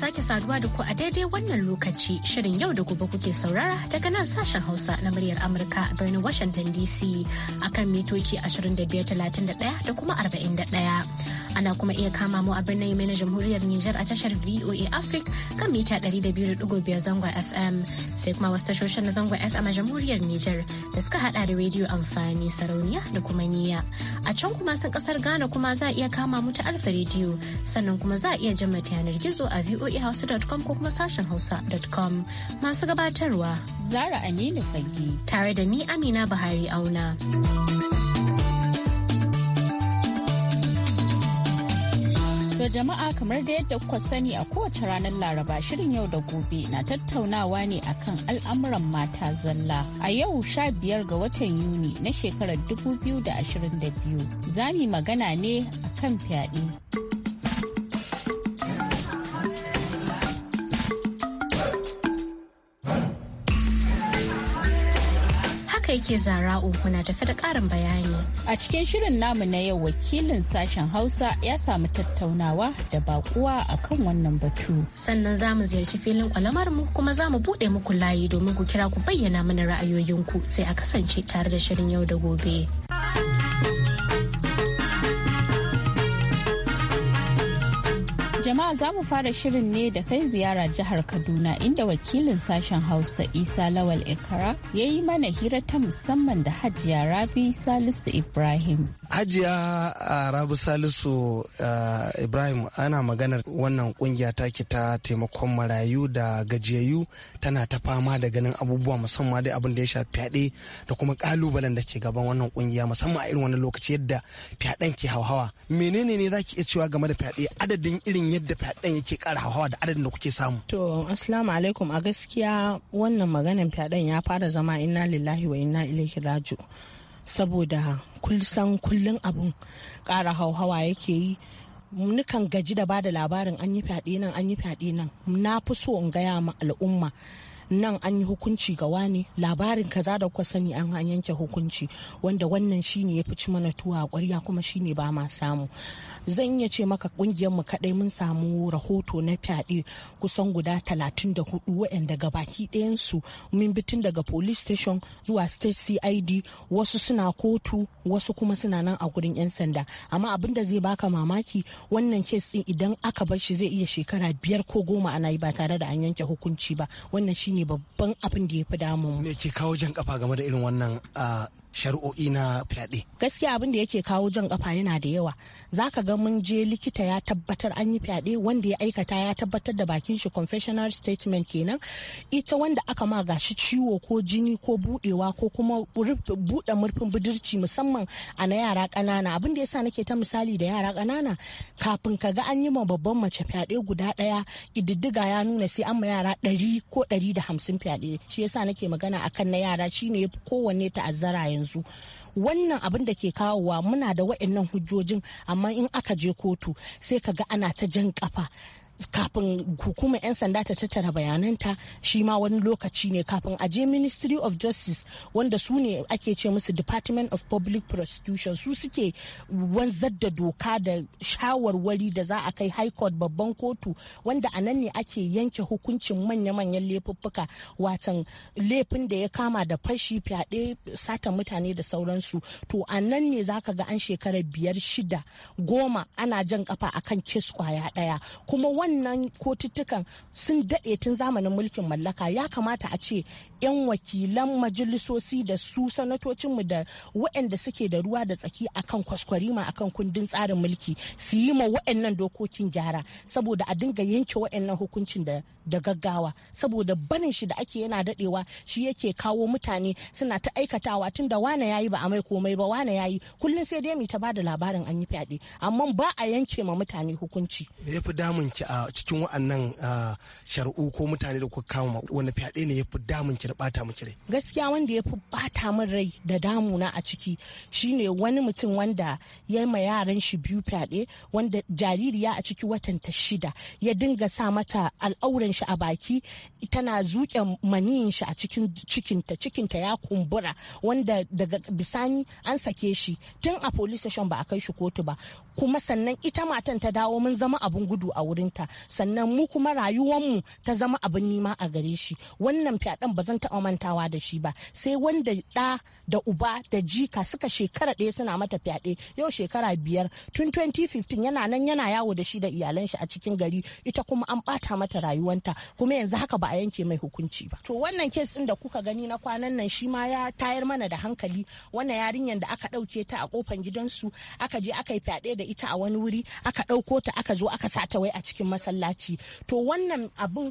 sake saduwa da ku a daidai wannan lokaci shirin yau da gobe kuke saurara daga nan sashen Hausa na muryar Amurka a birnin Washington DC akan mitoci 2531 da kuma 41. ana kuma iya kama mu a birnin yamai na jamhuriyar Nijar a tashar VOA Africa kan mita 200.5 zangon FM sai kuma wasu tashoshin na zangon FM a jamhuriyar Nijar da suka hada da rediyo amfani sarauniya da kuma niya. A can kuma sun kasar Ghana kuma za a iya kama mu ta alfa rediyo sannan kuma za a iya jimata yanar gizo a voahouse.com ko kuma sashen hausa.com masu gabatarwa. Zara Aminu Fagi. Tare da ni Amina Buhari Auna. To jama'a kamar da yadda kuka sani a kowace ranar Laraba shirin yau da gobe na tattaunawa ne akan al'amuran mata zalla. A yau sha biyar ga watan Yuni na shekarar da 2022 za mu magana ne akan fyaɗe. Haka yake uku na tafi da ƙarin bayani. A cikin shirin namu na yau wakilin sashen Hausa ya samu tattaunawa da bakuwa akan wannan batu. Sannan za mu ziyarci filin kwalamar mu kuma za mu buɗe muku layi domin ku kira ku bayyana mana ra'ayoyinku sai a kasance tare da shirin yau da gobe. Jama'a za mu fara shirin ne da kai ziyara jihar Kaduna inda wakilin sashen Hausa Isa Lawal Ikara ya yi mana hira ta musamman da Hajiya Rabi Salisu Ibrahim hajiya a rabu salisu ibrahim ana maganar wannan kungiya taki ta taimakon marayu da gajiyayyu tana ta fama da ganin abubuwa musamman dai abin da ya shafi fyaɗe da kuma kalubalen da ke gaban wannan kungiya musamman a irin wani lokaci yadda fyaɗen ke hauhawa menene ne zaki iya cewa game da fyaɗe adadin irin yadda fyaɗen yake kara hauhawa da adadin da kuke samu to assalamu alaikum a gaskiya wannan maganar fyaɗen ya fara zama inna lillahi wa inna ilaihi raji'un saboda kulsan kullun abun ƙara hauhawa yake yi nukan gaji da ba da labarin an yi fyaɗe nan an yi fyaɗe nan na fi so in gaya ma al'umma nan an yi hukunci ga wani labarin kaza da kuka sani an yanke hukunci wanda wannan shine ya fici mana tuwa a ƙwarya kuma shine ba ma samu zan iya ce maka kungiyar mu kadai mun samu rahoto na fyaɗe kusan guda 34 waɗanda baki ɗayan su mun bi tun daga police station zuwa state CID wasu suna kotu wasu kuma suna nan a gurin 'yan sanda amma abin da zai baka mamaki wannan kes din idan aka bar shi zai iya shekara biyar ko goma ana yi ba tare da an yanke hukunci ba wannan shine babban abin da ya fi damu. me ke kawo jan kafa game da irin wannan ah, shari'o'i na fyaɗe. Gaskiya abin da yake kawo jan ƙafa yana da yawa. Za ka ga mun je likita ya tabbatar an yi fyaɗe wanda ya aikata ya tabbatar da bakin shi confessional statement kenan. Ita wanda aka ma gashi ciwo ko jini ko buɗewa ko kuma buɗe murfin budurci musamman a na yara ƙanana. Abin da yasa nake ta misali da yara ƙanana kafin ka ga an yi ma babban mace fyaɗe guda ɗaya ƙididdiga ya nuna sai an ma yara ɗari ko ɗari da hamsin fyaɗe. Shi yasa nake magana akan na yara shine kowanne ta'azzara yanzu. yanzu wannan abin da ke kawowa muna da wa'annan hujjojin amma in aka je kotu sai ka ga ana ta jan kafa kafin hukumar 'yan sanda ta tattara bayananta shi ma wani lokaci ne kafin a je ministry of justice wanda su ne ake ce musu department of public prosecution su suke wanzar da doka da shawarwari da za a kai high court babban kotu wanda a nan ne ake yanke hukuncin manya-manyan laifuffuka watan laifin da ya kama da fashi fyaɗe sata mutane da sauransu to a nan ne za ka ga an shekarar biyar shida goma ana jan kafa akan kes kwaya ɗaya kuma wannan kotuttukan sun daɗe tun zamanin mulkin mallaka ya kamata a ce 'yan wakilan majalisosi da su sanatocinmu da waɗanda suke da ruwa da tsaki akan kwaskwarima akan kundin tsarin mulki su yi ma waɗannan dokokin gyara saboda a dinga yanke waɗannan hukuncin da da gaggawa saboda banin shi da ake yana daɗewa shi yake kawo mutane suna ta aikatawa tun da wane yayi ba a mai komai ba wane yayi kullum sai dai mu ta da labarin an yi fyaɗe amma ba a yanke ma mutane hukunci. Me ya fi damun ki a cikin wa'annan ah, shari'u ko mutane da kuka kama wani fyaɗe ne ya fi damun ki da bata miki rai gaskiya wanda ya fi bata min rai da damuna a ciki shine wani mutum wanda ya ma yaran shi biyu fyaɗe wanda jaririya a ciki watanta shida ya dinga sa mata al'auran shi a baki tana zuƙe maniyin shi a cikin cikinta cikinta ya kumbura wanda daga bisani an sake shi tun a police station ba a kai shi kotu ba kuma sannan ita matan ta dawo mun zama abun gudu a wurinta sannan mu kuma rayuwanmu ta zama abin nima a gare shi wannan fyaɗen ba zan taɓa mantawa da shi ba sai wanda ɗa da uba da jika suka shekara ɗaya suna mata fyaɗe yau shekara biyar tun 2015 yana nan yana yawo da shi da iyalan shi a cikin gari ita kuma an ɓata mata rayuwanta kuma yanzu haka ba a yanke mai hukunci ba to wannan kes ɗin da kuka gani na kwanan nan shi ma ya tayar mana da hankali wannan yarinyar da aka ɗauke ta a kofan gidansu aka je aka yi fyaɗe da ita a wani wuri aka ɗauko ta aka zo aka sata wai a cikin masallaci to wannan abun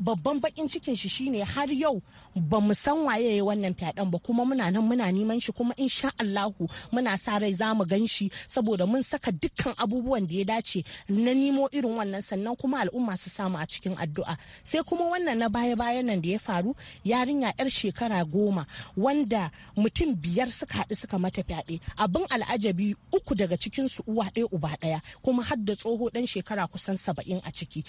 babban bakin cikin shi shine har yau ba mu san waye ya wannan fyaɗen ba kuma muna nan muna neman shi kuma insha Allahu muna sa rai za mu gan shi saboda mun saka dukkan abubuwan da ya dace na nemo irin wannan sannan kuma al'umma su samu a cikin addu'a sai kuma wannan na baya bayan nan da ya faru yarinya yar shekara goma wanda mutum biyar suka haɗu suka mata fyaɗe abin al'ajabi uku daga cikin su uwa ɗaya uba ɗaya kuma har da tsoho ɗan shekara kusan saba'in a ciki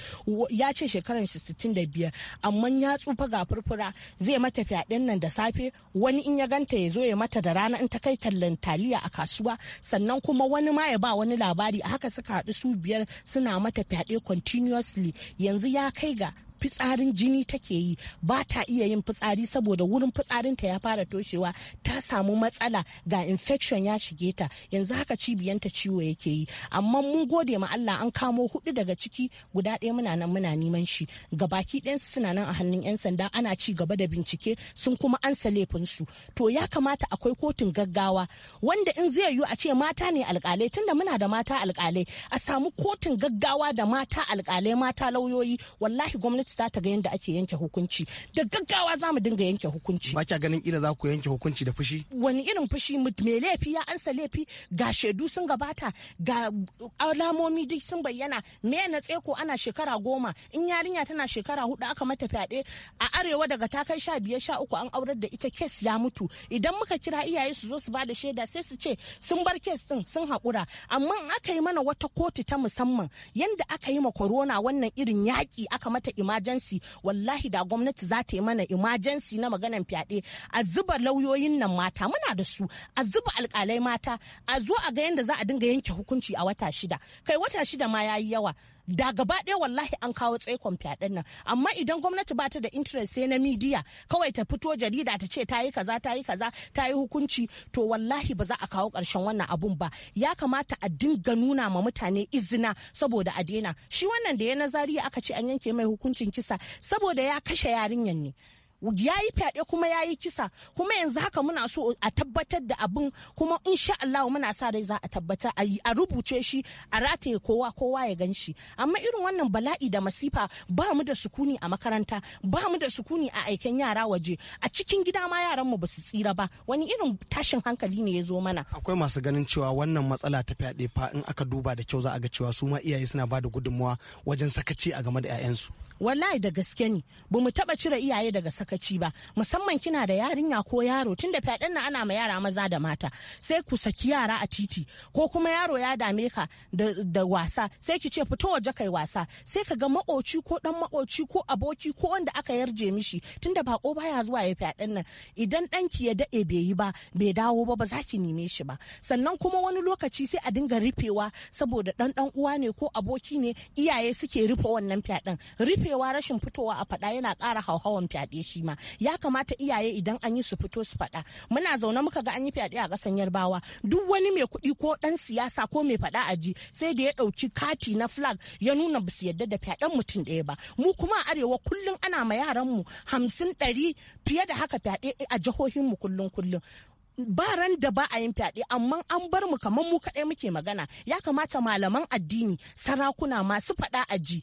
ya ce shekaran shi sittin da biyar amma ya tsufa ga furfura zai mata fyaɗen nan da safe wani in ya ganta ya zo ya mata da rana in ta kai tallan taliya a kasuwa sannan kuma wani ma ya ba wani labari a haka suka haɗu su biyar suna mata fyaɗe continuously yanzu ya kai ga fitsarin jini take yi ba ta iya yin fitsari saboda wurin fitsarinta ya fara toshewa ta samu matsala ga infection ya shige ta yanzu haka cibiyanta ciwo yake yi amma mun gode ma Allah an kamo hudu daga ciki guda ɗaya muna nan muna neman shi ga baki ɗayan suna nan a hannun yan sanda ana ci gaba da bincike sun kuma ansa laifin su to ya kamata akwai kotun gaggawa wanda in zai yiwu a ce mata ne alƙalai tunda muna da mata alƙalai a samu kotun gaggawa da mata alƙalai mata lauyoyi wallahi gwamnati gwamnati za ta ga yadda ake yanke hukunci da gaggawa za mu dinga yanke hukunci ba kya ganin ila za ku yanke hukunci da fushi wani irin fushi me laifi ya ansa laifi ga shaidu sun gabata ga alamomi duk sun bayyana me na tseko ana shekara goma in yarinya tana shekara hudu aka mata fyaɗe a arewa daga ta kai sha biyar sha uku an aurar da ita kes ya mutu idan muka kira iyaye su zo su ba da shaida sai su ce sun bar kes din sun haƙura amma in aka yi mana wata kotu ta musamman yadda aka yi ma corona wannan irin yaƙi aka mata imani emergency wallahi da gwamnati za ta yi mana imajensi na maganan fyaɗe a zuba lauyoyin nan mata muna da su a zuba alƙalai mata a zo a ga yadda za a dinga yanke hukunci a wata shida kai wata shida ma yayi yawa da gaba ɗaya wallahi an kawo tsaikon fyaɗen nan amma idan gwamnati ba ta da interest sai na midiya kawai ta fito jarida ta ce ta yi kaza ta yi kaza ta yi hukunci to wallahi ba za a kawo ƙarshen wannan abun ba ya kamata a dinga nuna ma mutane izina saboda a daina shi wannan da ya nazari aka ce an yanke mai hukuncin kisa saboda ya kashe yarinyan ne ya yi fyaɗe kuma ya yi kisa kuma yanzu haka muna so a tabbatar da abin kuma insha Allah muna sa rai za a tabbata a rubuce shi a rataye kowa kowa ya gan shi amma irin wannan bala'i da masifa ba mu da sukuni a makaranta ba mu da sukuni a aiken yara waje a cikin gida ma yaran mu ba su tsira ba wani irin tashin hankali ne ya zo mana akwai masu ganin cewa wannan matsala ta fyaɗe fa in aka duba da kyau za a ga cewa su ma iyaye suna ba da gudunmawa wajen sakaci a game da 'ya'yansu wallahi da gaske ne ba mu taba cire iyaye daga sakaci ba musamman kina da yarinya ko yaro tun da fyaɗen na ana ma yara maza da mata sai ku saki yara a titi ko kuma yaro ya dame ka da, wasa sai ki ce fito waje kai wasa sai ka ga makoci ko dan makoci ko aboki ko wanda aka yarje mishi tun da bako baya zuwa ya fyaɗen nan idan ɗanki ya daɗe bai yi ba bai dawo ba ba za ki neme shi ba sannan kuma wani lokaci sai a dinga rufewa saboda ɗan ɗan uwa ne ko aboki ne iyaye suke rufe wannan fyaɗen rufe rufewa rashin fitowa a faɗa yana ƙara hauhawan fyaɗe shi ma ya kamata iyaye idan an yi su fito su faɗa muna zaune muka ga an yi fyaɗe a ƙasan yarbawa duk wani mai kuɗi ko ɗan siyasa ko mai faɗa a ji sai da ya ɗauki kati na flag ya nuna basu su yadda da fyaɗen mutum ɗaya ba mu kuma a arewa kullum ana ma yaran mu hamsin ɗari fiye da haka fyaɗe a jihohin mu kullum kullum ba ran da ba a yin fyaɗe amma an bar mu kamar mu kaɗai muke magana ya kamata malaman addini sarakuna masu faɗa a ji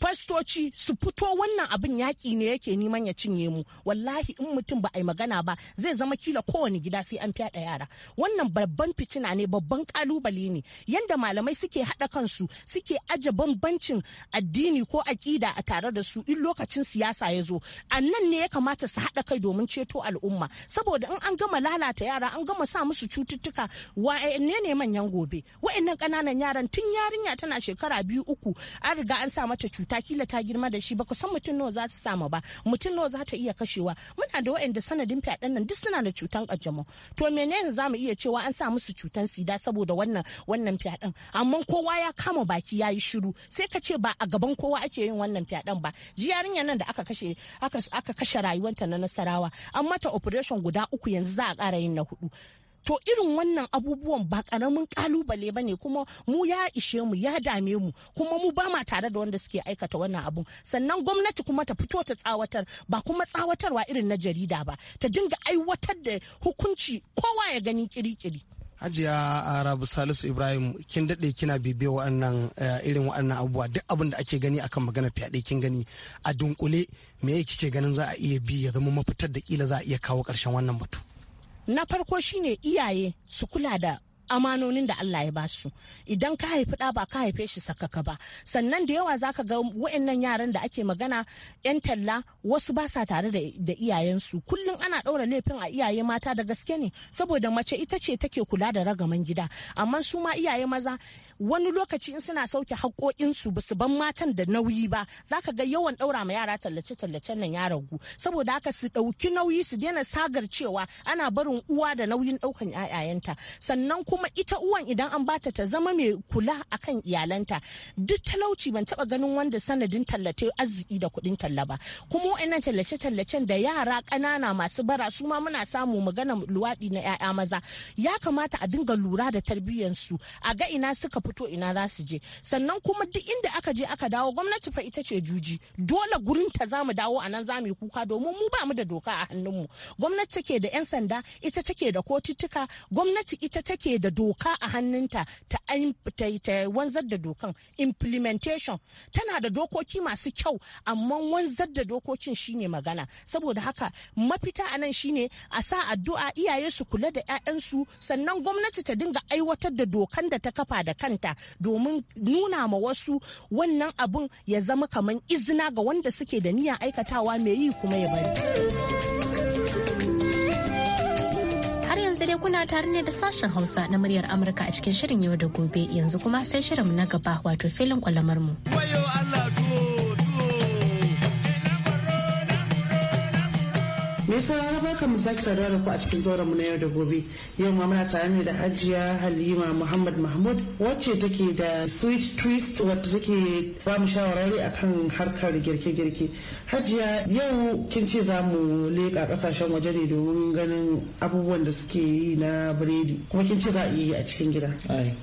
fastoci su fito wannan abin yaƙi ne yake neman ya cinye mu wallahi in mutum ba a yi magana ba zai zama kila kowane gida sai an fyaɗe yara wannan babban fitina ne babban kalubale ne yadda malamai suke haɗa kansu suke aje bambancin addini ko aƙida a tare da su in lokacin siyasa ya zo a nan ne ya kamata su haɗa kai domin ceto al'umma saboda in an gama lalata yara an gama sa musu cututtuka wa'anne eh, ne manyan gobe wa'annan ƙananan yaran tun yarinya tana shekara biyu uku an riga an sa mata cuta kila ta girma da shi ba ku san mutum nawa za su samu ba mutum nawa za ta iya kashewa muna da wa'anda sanadin fyaɗen nan duk suna da cutan ƙanjamau to menene za mu iya cewa an sa musu cutan sida saboda wannan wannan fyaɗen amma kowa ya kama baki ya yi shiru sai ka ce ba a gaban kowa ake yin wannan fyaɗen ba ji yarinyar nan da aka kashe aka kashe rayuwarta na nasarawa an mata operation guda uku yanzu za a ƙara yin na hudu to irin wannan abubuwan ba karamin kalubale ba ne kuma mu ya ishe mu ya dame mu kuma mu ba ma tare da wanda suke aikata wannan abun sannan gwamnati kuma ta fito ta tsawatar ba kuma tsawatarwa irin na jarida ba ta dinga aiwatar da hukunci kowa ya gani kirikiri Hajiya Rabu Salisu Ibrahim kin daɗe kina bibiya wa'annan eh, irin wa'annan abubuwa duk abin da ake gani akan magana fyaɗe kin gani a dunkule me kike ganin za a iya bi ya zama mafitar da kila za a iya kawo ƙarshen wannan batu. na farko shine iyaye su kula da amanonin da Allah ya basu idan ka haifi ɗa ba ka haife shi sakaka ba sannan da yawa zaka ga wa'annan yaran da ake magana yan talla wasu ba sa tare da iyayensu kullum ana ɗaura laifin a iyaye mata da gaske ne saboda mace ita ce take kula da ragaman gida amma su ma iyaye maza wani lokaci in suna sauke haƙoƙinsu ba su ban matan da nauyi ba za ka ga yawan ɗaura ma yara tallace tallace nan ya ragu saboda haka su ɗauki nauyi su daina sagar cewa ana barin uwa da nauyin ɗaukan 'ya'yayanta sannan kuma ita uwan idan an bata ta zama mai kula akan iyalanta duk talauci ban taba ganin wanda sanadin tallace arziki da kuɗin talla ba kuma wa'annan tallace-tallacen da yara ƙanana masu bara su ma muna samu magana luwaɗi na 'ya'ya maza ya kamata a dinga lura da tarbiyyansu a ga ina suka fito ina za su je sannan kuma duk inda aka je aka dawo gwamnati fa ita ce juji dole gurin ta za dawo anan nan za mu yi kuka domin mu ba mu da doka a hannun mu gwamnati take da 'yan sanda ita take da kotuttuka gwamnati ita take da doka a hannunta ta wanzar da dokan implementation tana da dokoki masu kyau amma wanzar da dokokin shine magana saboda haka mafita a nan shine a sa addu'a iyaye su kula da 'ya'yansu sannan gwamnati ta dinga aiwatar da dokan da ta kafa da kanta kanta domin nuna ma wasu wannan abun ya zama kamar izina ga wanda suke da niyan aikatawa mai yi kuma ya bari. Har yanzu dai kuna tare ne da sashen Hausa na muryar Amurka a cikin shirin yau da gobe yanzu kuma sai shirin na gaba wato filin kwalamar mu. Me sauraro baka mu sake saduwa da ku a cikin zauren mu na yau da gobe. Yau ma muna tare ne da Hajiya Halima Muhammad Mahmud wacce take da sweet twist wacce take ba mu shawarwari akan harkar girke-girke. Hajiya yau kin ce za mu leƙa ƙasashen waje ne domin ganin abubuwan da suke yi na biredi kuma kin ce za a yi a cikin gida.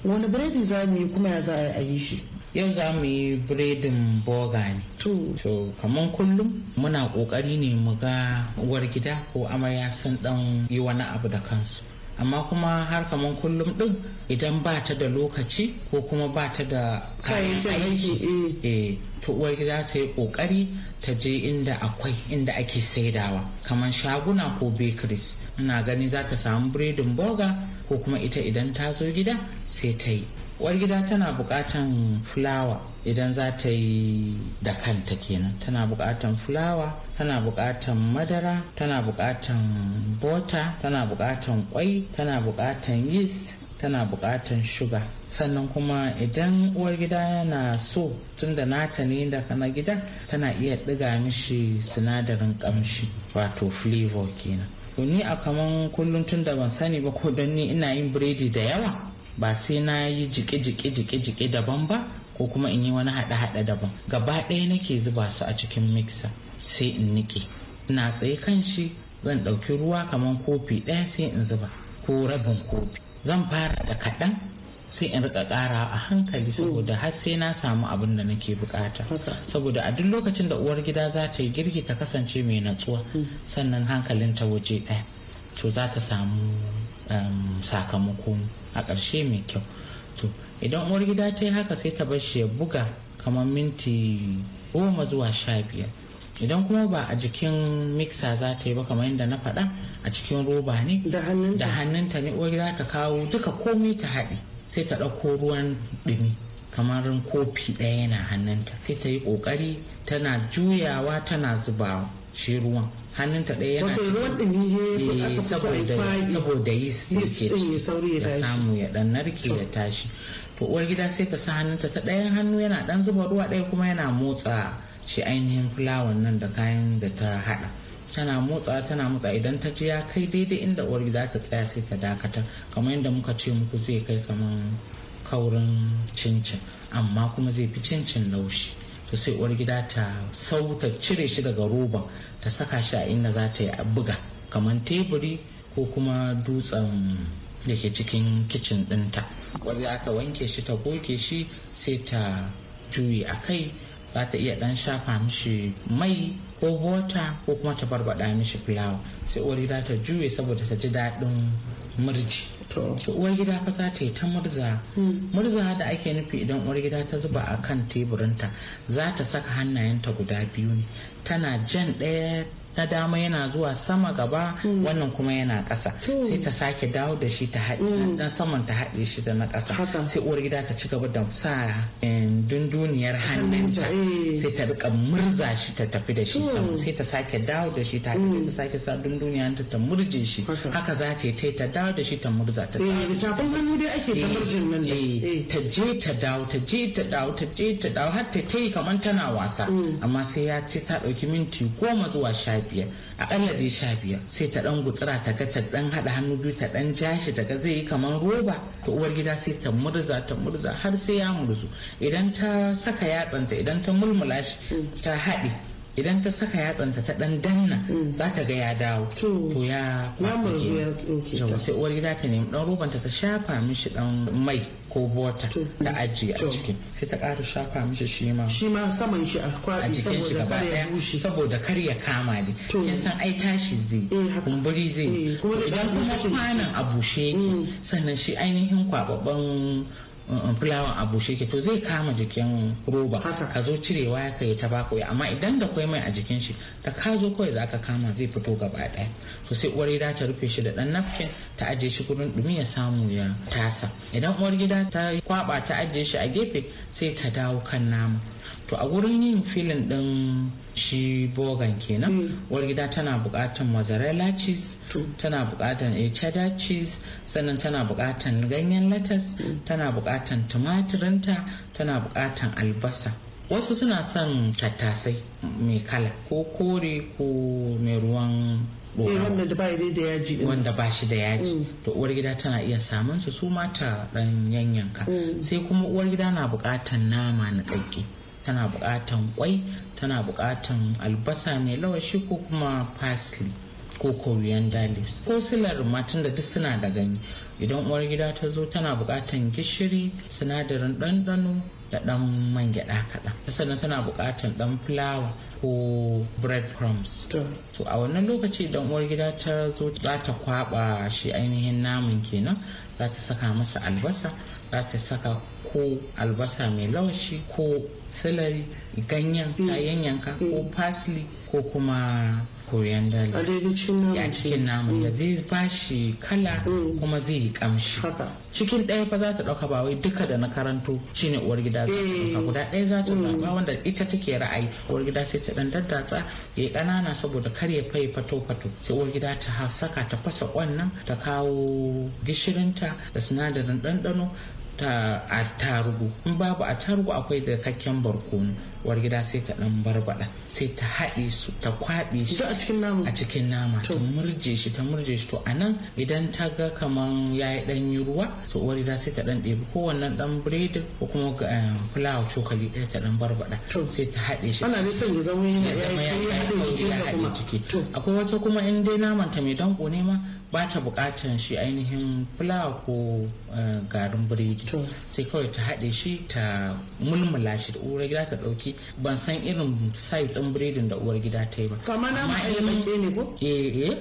Wani biredi za mu yi kuma ya za a yi shi. yau za mu yi biredin boga ne to kamar kullum muna kokari ne mu ga uwar gida ko amarya sun dan yi wani abu da kansu amma kuma har kaman kullum din idan ba ta da lokaci ko kuma ba ta da kayan aiki eh. eh to uwar gida ta yi kokari ta je inda akwai inda ake saidawa kamar shaguna ko bakeries ina gani za ta samu biredin boga ko kuma ita idan ta zo gida sai ta yi uwar gida tana bukatan fulawa idan za ta yi da kanta kenan tana bukatan fulawa tana bukatan madara tana bukatan bota tana bukatan kwai tana bukatan yis tana bukatan shuga sannan kuma idan uwar gida yana so tun tunda nata ne da na gidan tana iya ɗiga mishi sinadarin kamshi wato flavor kenan ni a kaman kullum tun da ban sani ba ko don ni ina yin biredi da yawa ba sai na yi jike-jike-jike-jike daban ba ko kuma in yi wani haɗe-haɗe daban gaba ɗaya nake zuba su a cikin mixer sai in niƙe ina tsaye kan shi zan ɗauki ruwa kamar kofi ɗaya sai in zuba ko rabin kofi zan fara da kaɗan sai in rika ƙara a hankali saboda har sai na samu abin da nake bukata saboda a duk lokacin da uwar gida za ta yi girki ta kasance mai natsuwa mm. sannan hankalin ta waje ɗaya to za ta samu Um, sakamako a ƙarshe mai kyau to idan uwar gida ta yi haka sai ta bashi ya buga kamar minti goma zuwa sha biyar idan kuma ba a jikin miksa za ta yi ba kamar yadda na faɗa a cikin roba ne da hannunta ne uwar gida ta kawo duka komai ta haɗi sai ta ɗauko ruwan ɗumi kamar kofi ɗaya na hannunta sai ta yi ƙoƙari tana juyawa tana zubawa shi ruwan hannunta ɗaya yana cikin eh, saboda saboda yi ke eh, ci ya samu ya dan narke ya tashi to uwar gida sai ka sa hannunta ta ɗayan hannu yana ɗan zuba ruwa ɗaya kuma yana motsa shi ainihin fulawan nan da kayan da ta haɗa tana motsa tana motsa idan ta ji ya kai daidai inda uwar gida ta tsaya sai ta dakatar kamar yadda muka ce muku zai kai kamar kaurin cincin amma kuma zai fi cincin laushi to sai uwar gida ta sauta cire shi daga roban ta saka shi a inda za ta yi buga kamar teburi ko kuma dutsen da ke cikin kicin ɗinta wadda ta wanke shi ta goge shi sai ta juyi a kai za ta iya ɗan shafa mishi mai ko bota ko kuma ta barbaɗa mishi fulawa sai uwar gida ta juye saboda ta ji daɗin murji to uwar gida fa za ta yi ta murza hmm. murza da ake nufi idan uwar gida ta zuba a kan teburinta za ta saka hannayenta guda biyu ne tana jan ɗaya na dama yana zuwa sama gaba mm. wannan kuma yana ƙasa mm. sai ta sake dawo da shi ta haɗe mm. dan saman ta haɗe shi da na ƙasa sai uwar gida ta ci gaba da sa dunduniyar hannunta eh. sai ta rika murza shi ta tafi da shi sama sai ta sake dawo da shi ta haɗe sai ta sake sa dunduniyanta ta murje shi haka za ta yi ta dawo da shi ta murza ta dawo eh, tafin hannu ake ta eh, murjin nan ta je ta dawo ta je ta dawo ta je ta dawo har ta yi kamar tana wasa amma sai ya ce ta ɗauki minti goma zuwa sha biyar akalla dai sha biyar sai ta dan gutsira ta ga ta dan hada hannu biyu ta dan jashi ta ga zai yi kamar roba to uwar gida sai ta murza ta murza har sai ya murzu idan ta saka yatsanta idan ta mulmula shi ta haɗe idan ta saka yatsanta ta dan danna za ta ga ya dawo to ya kwakwake sai uwar gida ta nemi dan robanta ta shafa mishi dan mai ko bota ta ajiye a ciki sai ta ƙara shafa mishi shi ma shi ma saman shi a kwaɗi saboda kar ya saboda kar ya kama ne kin san ai tashi zai eh, kumburi zai eh, idan kuma kwanan a bushe yake mm. sannan shi ainihin kwababban fulawa a bushe ke to zai kama jikin roba ka zo cirewa ya kai ta bako ya amma idan da kwai mai a jikin shi da ka zo kawai za ka kama zai fito gaba daya to sai uwar gida ta rufe shi da dan napkin ta ajiye shi gurin dumi ya samu ya tasa idan uwar gida ta kwaba ta ajiye shi a gefe sai ta dawo kan nama to a wurin yin filin ɗin shi bogan kenan hmm. uwar gida tana bukatan mozzarella cheese tana bukatan eh, cheddar cheese sannan tana bukatan ganyen latas hmm. tana bukatan tumatirinta tana bukatan albasa wasu suna son tattasai mai kala ko kore ko mai ruwan eh, wanda ba da yaji shi da yaji hmm. to uwar gida tana iya samun su su mata dan yanyanka sai kuma uwar gida na bukatan nama na ƙaƙƙi tana buƙatan kwai tana buƙatan albasa mai lawashi ko kuma parsley ko coriander leaves ko silar matan da duk suna da gani idan uwar gida ta zo tana buƙatan gishiri sinadarin ɗanɗano da ɗan man gyaɗa kaɗan sannan tana buƙatan ɗan fulawa ko bread crumbs to a wannan lokaci idan uwar gida ta zo za ta kwaɓa shi ainihin naman kenan za ta saka masa albasa za ta saka ko albasa mai laushi ko celery ganyen mm. kayan yanka ko mm. parsley ko kuma koyan dala a cikin naman ya mm. zai ba shi kala kuma zai yi kamshi cikin ɗaya fa za ta ɗauka ba wai duka da na karanto shine uwar gida za ta ɗauka guda ɗaya za ta zaɓa wanda ita take ra'ayi uwar gida sai ta ɗan daddatsa ya yi ƙanana saboda kar ya fai fato fato sai uwar gida ta saka ta fasa ƙwannan ta kawo gishirinta da sinadarin ɗanɗano ta attarugu in babu attarugu akwai da kakken barkono uwar gida sai ta dan barbada sai ta haɗe su ta kwaɓe shi a cikin nama a cikin nama ta murje shi ta murje shi to anan idan ta ga kaman yayi dan yi ruwa to uwar gida sai ta dan ɗebi kowannan dan bread ko kuma eh, fulawa cokali ɗaya ta dan barbada sai ta haɗe shi ana nisan ya zama yana ya haɗe ciki akwai wata kuma in dai naman ta mai danko ne ma ba ta bukatan shi ainihin fulawa ko eh, garin biredi sai kawai ta haɗe shi ta mulmula shi ta uwar gida ta ɗauki ban san irin size ɗin biredin da uwar gida ta yi ba kamar nama ai eh, ne ko eh eh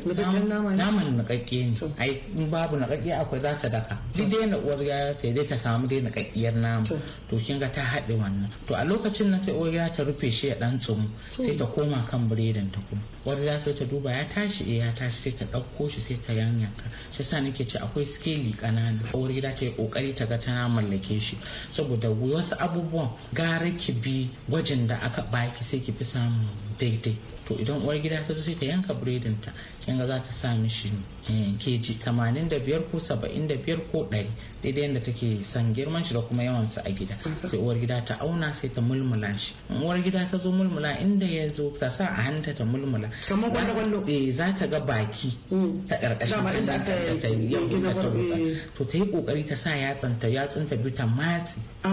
naman nakakke ne ai in babu nakakke akwai za ta daka duk dai na uwar gida ta dai ta samu dai nakakkiyar nama to kin ga ta haɗe wannan to a lokacin nan sai uwar ta rufe shi ya ɗan tsumu sai ta koma kan biredin ta kuma uwar gida sai ta duba ya tashi eh ya tashi sai ta ɗauko shi sai ta yanyanka shi sa nake ce akwai skeli ƙanana uwar gida ta yi ƙoƙari ta ga tana mallake shi saboda wasu abubuwan gara ki bi gwajin da aka baki sai ki fi samun daidai to idan uwar gida ta zo sai ta yanka biredin ta kin ga za ta sa mishi eh, keji 85 ko 75 ko 100 daidai yadda take san girman shi da kuma yawan sa a gida sai uwar gida ta auna sai ta mulmula shi uwar gida ta zo mulmula inda ya zo ta sa a hanta ta mulmula kamar gwallo eh za ta ga baki hmm. ta karkashin inda ta ta yi eh. to ta yi kokari ta sa yatsan ta yatsun ta biyu ta matsi a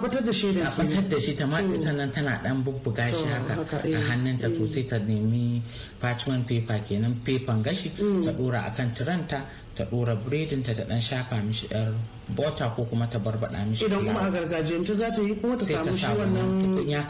fatar da shi a da shi ta matsi hmm. sannan tana dan bubbuga shi haka a eh. hannunta to sai ta nemi parchment paper kenan paper gashi ta mm. dora akan tiranta ta dora biredin ta ta dan shafa mishi yar bota ko kuma ta barbada mishi idan kuma a gargajiyance za ta yi kuma ta samu shi wannan tukunya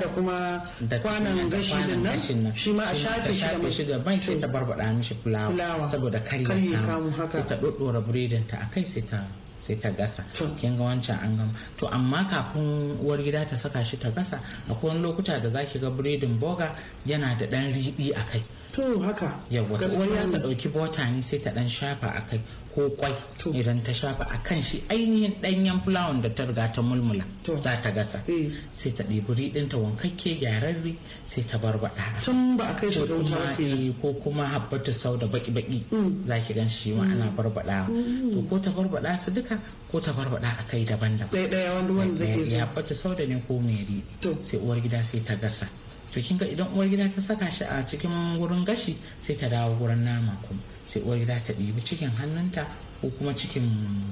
da kuma kwanan gashi nan shi ma a shafe shi da mai sai ta barbada mishi fulawa saboda karya kamu sai ta dora biredin ta akai sai ta sai ta gasa kin ga wancan an gama to amma kafin uwar gida ta saka shi ta gasa akwai lokuta da zaki ga biredin boga yana da dan riɗi a kai to haka yawa uwar ta dauki bota ne sai ta dan shafa a kai ko kwai idan ta shafa a kan shi ainihin danyen fulawan da ta riga ta mulmula za ta gasa eh. sai ta ɗebi riɗin ta wankakke gyararri sai ta barbaɗa tun ba a kai shi da wuta eh, ko kuma habbatu sau da baki baki mm. za ki gan shi ma mm. ana barbaɗa mm. to ko ta barbaɗa su duka ko ta barbaɗa a kai daban-daban ɗaya ɗaya wanda wanda ke habbatu sau da ne ko mai riɗi sai uwar gida sai ta gasa to kin ga idan uwar gida ta saka shi a cikin wurin gashi sai ta dawo wurin nama kuma sai uwar gida ta ɗibi cikin hannunta ko kuma cikin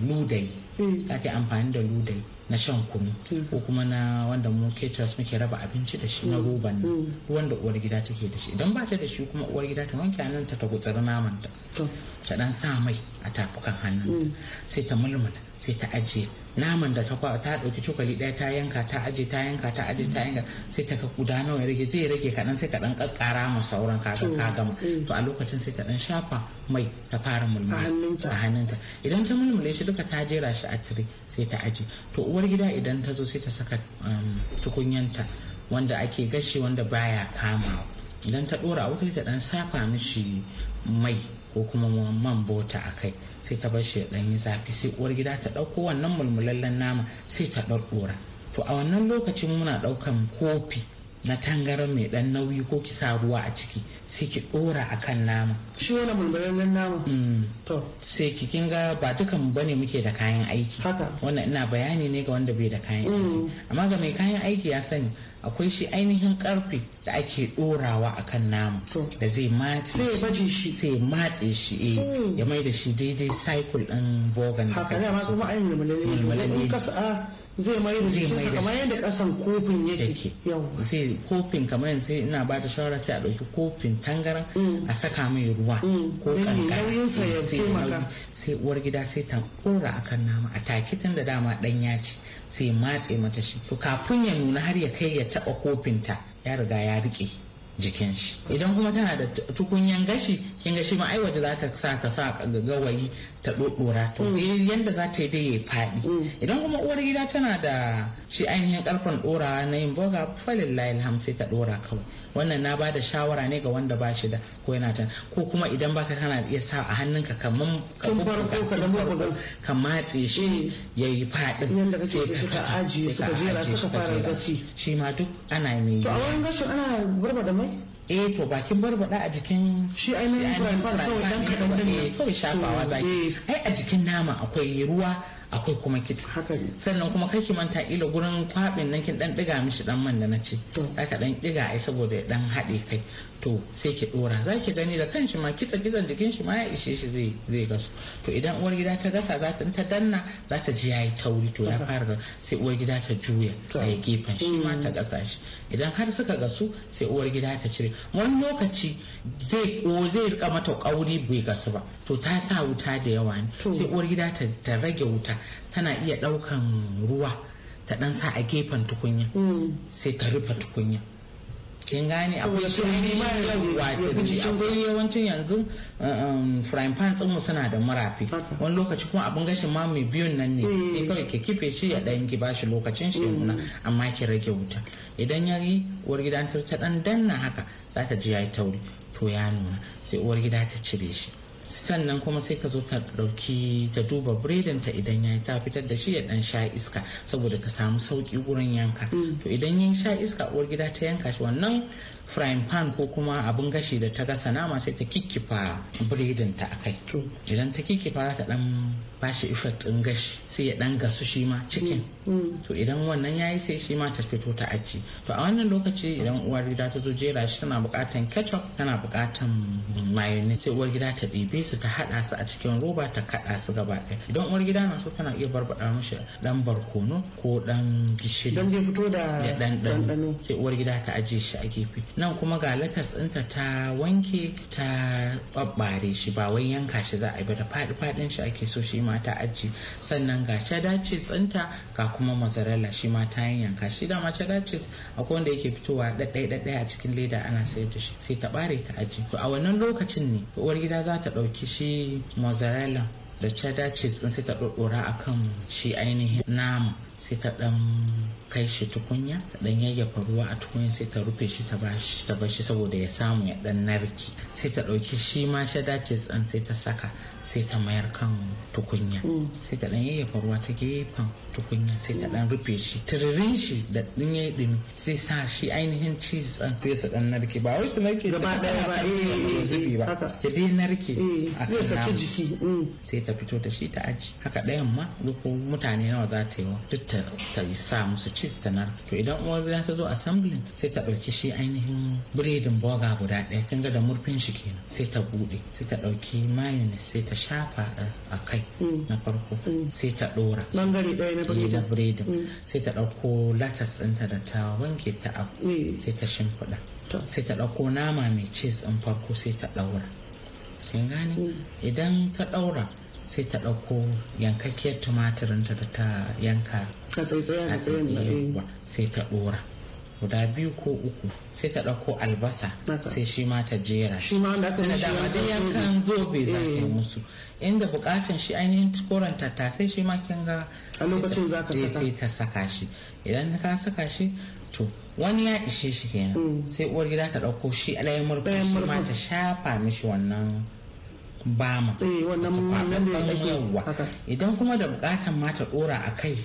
ludayi eh. ta ke amfani da ludai na shan kunu eh. ko kuma na wanda mu caterers muke raba abinci da shi na eh. roban nan ruwan da uwar gida take da shi idan ba ta da shi kuma uwar gida ta wanke hannunta ta gutsari naman ta ta dan sa mai a tafukan hannunta sai ta mulmula sai ta ajiye naman da ta kwa ta dauki cokali daya ta yanka ta aje ta yanka ta aje ta yanka sai ta guda nawa ya rage zai rage kadan sai kaɗan kakkara mu sauran kaga ka gama mm. to a lokacin sai ta dan shafa mai ta fara mulmula a hannunta idan ta mulmule shi duka ta jera shi a tire sai ta aje to uwar gida idan ta zo sai ta saka um, tukunyanta wanda ake gashi wanda baya kama idan ta dora wuta sai ta dan safa mishi mai ko kuma man bota a kai sai ta bar shi ya ɗanyi zafi sai uwar gida ta ɗauko wannan mulmulallen nama sai ta ɗaɗɗora to a wannan lokacin muna ɗaukan kofi na tangaran mai dan nauyi ko ki sa ruwa a ciki sai ki dora akan nama shi wani mulmulallen nama mm. to sai ki kin ga ba dukan bane muke da kayan aiki haka wannan ina bayani ne ga wanda bai da kayan mm. aiki amma ga mai kayan aiki ya sani akwai shi ainihin karfe da ake dorawa akan nama da zai matse sai baje shi sai matse shi eh ya mai da shi daidai cycle din bogan haka ne ma kuma ainihin mulmulalle ne ka zai mai da shi kamar yadda kasan kofin yake sai kofin kamar yadda sai ina ba da shawara sai a ɗauki kofin tangaran mm. a saka mai ruwa mm. ko kankara sai uwar gida sai ta kora akan nama a takitin da dama ya ce sai matse mata shi to kafin ya nuna har ya kai ya taɓa ta ya riga ya rike jikin shi idan kuma tana da tukunyan gashi kin gashi ma aiwaje za ta sa ta sa gawayi ta ɗoɗora to mm. eh, yadda za ta yi dai ya faɗi mm. idan kuma uwar gida tana da shi ainihin karfin ɗora na yin boga falin layin hamsin ta ɗora kawai wannan na ba da shawara ne ga wanda ba shi da ko yana ta ko kuma idan baka kana iya sa a hannunka kamar ka matse shi mm. ya yi faɗin sai ka sa su jera su shi ma duk ana a eh to bakin barbada a jikin shi ainihin frying pan kawai dan kadan din kawai shafawa zaki eh. ai a jikin nama akwai ruwa akwai kuma kit sannan kuma ki manta ila gurin kwabin nan kin dan diga mishi dan man da na ce ka dan diga ai saboda ya dan haɗe kai to sai ki dora za ki gani da kanshi ma kitsa kitsan jikin shi ma ya ishe shi zai zai gasu to idan uwar gida ta gasa za ta ta danna za ta ji yayi tauri to ya fara sai uwar gida ta juya a gefen shi ma ta mm. gasa shi idan har suka gasu sai uwar gida ta cire wani lokaci zai ko zai rika mata kauri bai gasu ba to ta sa wuta da yawa ne sai uwar gida ta rage wuta tana iya ɗaukan ruwa ta ɗan sa a gefen tukunya mm. sai ta rufe tukunya kin gane akwai shi akwai yawancin yanzu uh, um, frying pan tsinmu suna da murafi wani lokaci kuma abin gashin ma mai biyun nan ne mm. sai kawai ki kife shi ya dan ki bashi lokacin shi nuna mm. amma ki rage wuta idan ya yi uwar gida ta dan danna haka za ta ji ya yi tauri to ya nuna sai uwar gida ta cire shi sannan kuma sai ta zo ta dauki ta duba biredin ta idan ya ta fitar da shi ya dan sha iska saboda ta samu sauki wurin yanka mm. to idan ya sha iska uwar gida ta yanka shi wannan frying pan ko kuma abin gashi da ta gasa nama sai ta kikkifa biredin ta a kai. idan ta kikkifa za ta dan bashi effect din gashi sai ya dan gasu shi ma cikin mm, mm. to idan wannan yayi sai shi ma ta fito ta aji to a wannan lokaci idan uwar gida ta zo jera shi tana bukatan ketchup tana bukatan mayonnaise sai uwar gida ta ɗebe su ta hada su a cikin roba ta kada su gaba ɗaya idan uwar gida na so tana iya barbada mishi dan barkono ko dan gishiri don fito da dandano. sai uwar gida ta ajiye shi a gefe nan kuma ga latas ɗinta ta wanke ta ɓaɓɓare shi ba wai yanka shi za a yi ba ta faɗi faɗin shi ake so shi ma ta aji sannan ga cheddar cheese ɗinta ga kuma mozzarella shi ma ta yanka shi ma cheddar cheese akwai wanda yake fitowa ɗaɗɗaya ɗaɗɗaya a cikin leda ana sayar da shi sai ta ɓare ta aji to a wannan lokacin ne uwar gida za ta ɗauki shi mozzarella da cheddar cheese sai ta dodora akan shi ainihin nama sai ta dan kai shi tukunya ta dan yayyafa ruwa a tukunya sai ta rufe shi ta bashi ta bashi saboda ya samu ya dan narki sai ta dauki shi ma shada ce tsan sai ta saka sai ta mayar kan tukunya mm. sai ta dan yayyafa ruwa ta gefen tukunya sai ta dan rufe shi tiririn shi da din yayi dumi sai sa shi ainihin cheese din sai su dan narke ba wai su narke gaba daya eh, ba zubi ba ya dai narke mm. a kan jiki mm. sai ta fito da shi ta aji haka dayan ma duk mutane nawa za ta yi wa duk ta sa musu cheese ta nar to idan uwar gida ta zo assembly sai ta dauki shi ainihin biredin boga guda daya kin ga da murfin shi kenan sai ta bude sai ta dauki mayonnaise sai ta shafa a kai mm. na farko mm. sai ta dora bangare ɗaya na mm. sai ta ɗauko latas ɗinta da ta wanke ta a sai ta shimfiɗa sai ta ɗauko nama mai cheese ɗin farko sai ta ɗaura kin gane idan ta ɗaura sai ta ɗauko yankakkiyar tumatirinta da ta yanka a tsaye eh. sai ta ɗora guda biyu ko uku sai ta ɗauko albasa sai shi ma ta jera shi ma da dama dai yankan zobe za ta yi eh. musu inda bukatan shi ainihin koren sai shi ma kin ga sai ta saka shi idan ka saka shi to wani ya ishe shi kenan hmm. sai uwar gida ta ɗauko shi ɗayan murfi shi ma ta shafa mishi wannan bama eh, idan kuma da bukatan ma ta ɗora a kai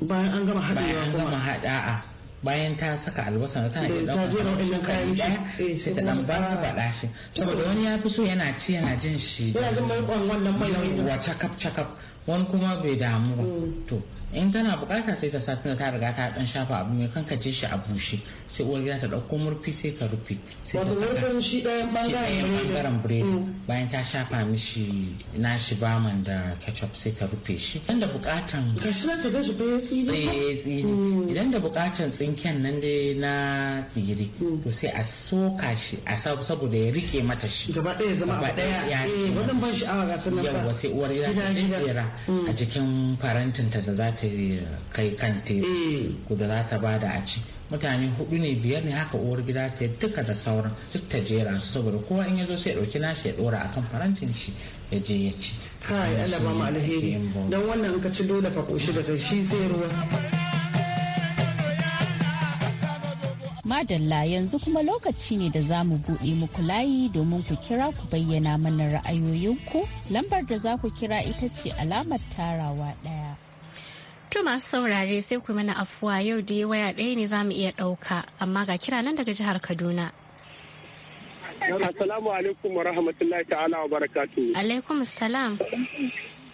bayan an gama haɗa kuma bayan ta saka albasa ta yi ɗaukar kayan kayan ɗaya eh, sai ta bara barbaɗa shi saboda wani ya fi so yana ci yana jin shi yana jin mai wa cakaf cakap wani kuma bai damu ba mm. to in kana bukata sai ta satina ta riga ta dan shafa abu mai kankace shi a bushe sai uwar gida ta dauko murfi sai ta rufe sai ta saka shi ɗayan bangaren biredi mm. bayan ta shafa mishi nashi baman da ketchup sai ta rufe shi idan da bukatan ta mm. idan da bukatan tsinken nan dai na tsiri mm. to sai a soka shi a saboda ya rike mata shi gaba ɗaya zama gaba daya ya eh, wadan ban awa ga sanan ba sai uwar gida ta jejjera a jikin farantinta da za ta kai kan ko eh. da za ta bada a ci mutane hudu ne biyar ne haka uwar gida ta duka da sauran duk ta jera su saboda kowa in ya zo sai ya dauki nashi ya dora akan farantin shi ya je ya ci kai alheri don wannan ka ci dole fa koshi daga shi zai ruwa Madalla yanzu kuma lokaci ne da za mu buɗe muku layi domin ku kira ku bayyana mana ra'ayoyinku lambar da za ku kira ita ce alamar tarawa ɗaya. To masu saurare sai ku mana afuwa yau da waya ɗaya ne za mu iya ɗauka amma ga kira nan daga jihar Kaduna. Assalamu alaikum wa rahmatullahi ta'ala wa barakatu. Alaikum salam.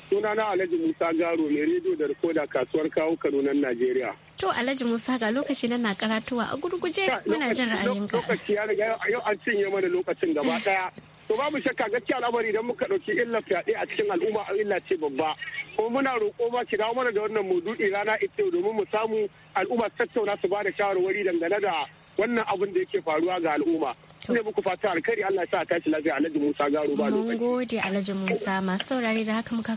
Suna na Alhaji Musa Garo mai rediyo da rikoda kasuwar kawo kanunan Najeriya. To Alhaji Musa ga lokaci na karatuwa a gurguje muna jin ra'ayinka. Lokaci ya riga yau an cinye mana lokacin gaba ɗaya. to babu shakka gaskiya al'amari idan muka ɗauki illar fyaɗe a cikin al'umma illa ce babba kuma muna roƙo ma ki dawo mana da wannan maudu'i rana ita domin mu samu al'umma tattauna su ba da shawarwari dangane da wannan abin da yake faruwa ga al'umma ne muku fata alkari Allah sa tashi lafiya Alhaji Musa Garo ba lokaci. gode Alhaji Musa masu saurare da haka muka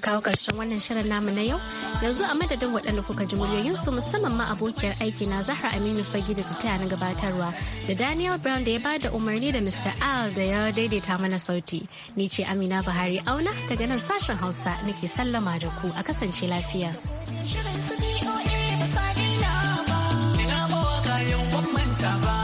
kawo karshen wannan shirin namu na yau. Yanzu a madadin waɗanda kuka ji muryoyin su musamman ma abokiyar aiki na Zahra Aminu Fagi da tutaya na gabatarwa da Daniel Brown da ya bada umarni da Mr. Al da ya daidaita mana sauti. Ni ce Amina Buhari Auna daga nan sashen Hausa nake sallama da ku a kasance lafiya. Shirin su ba.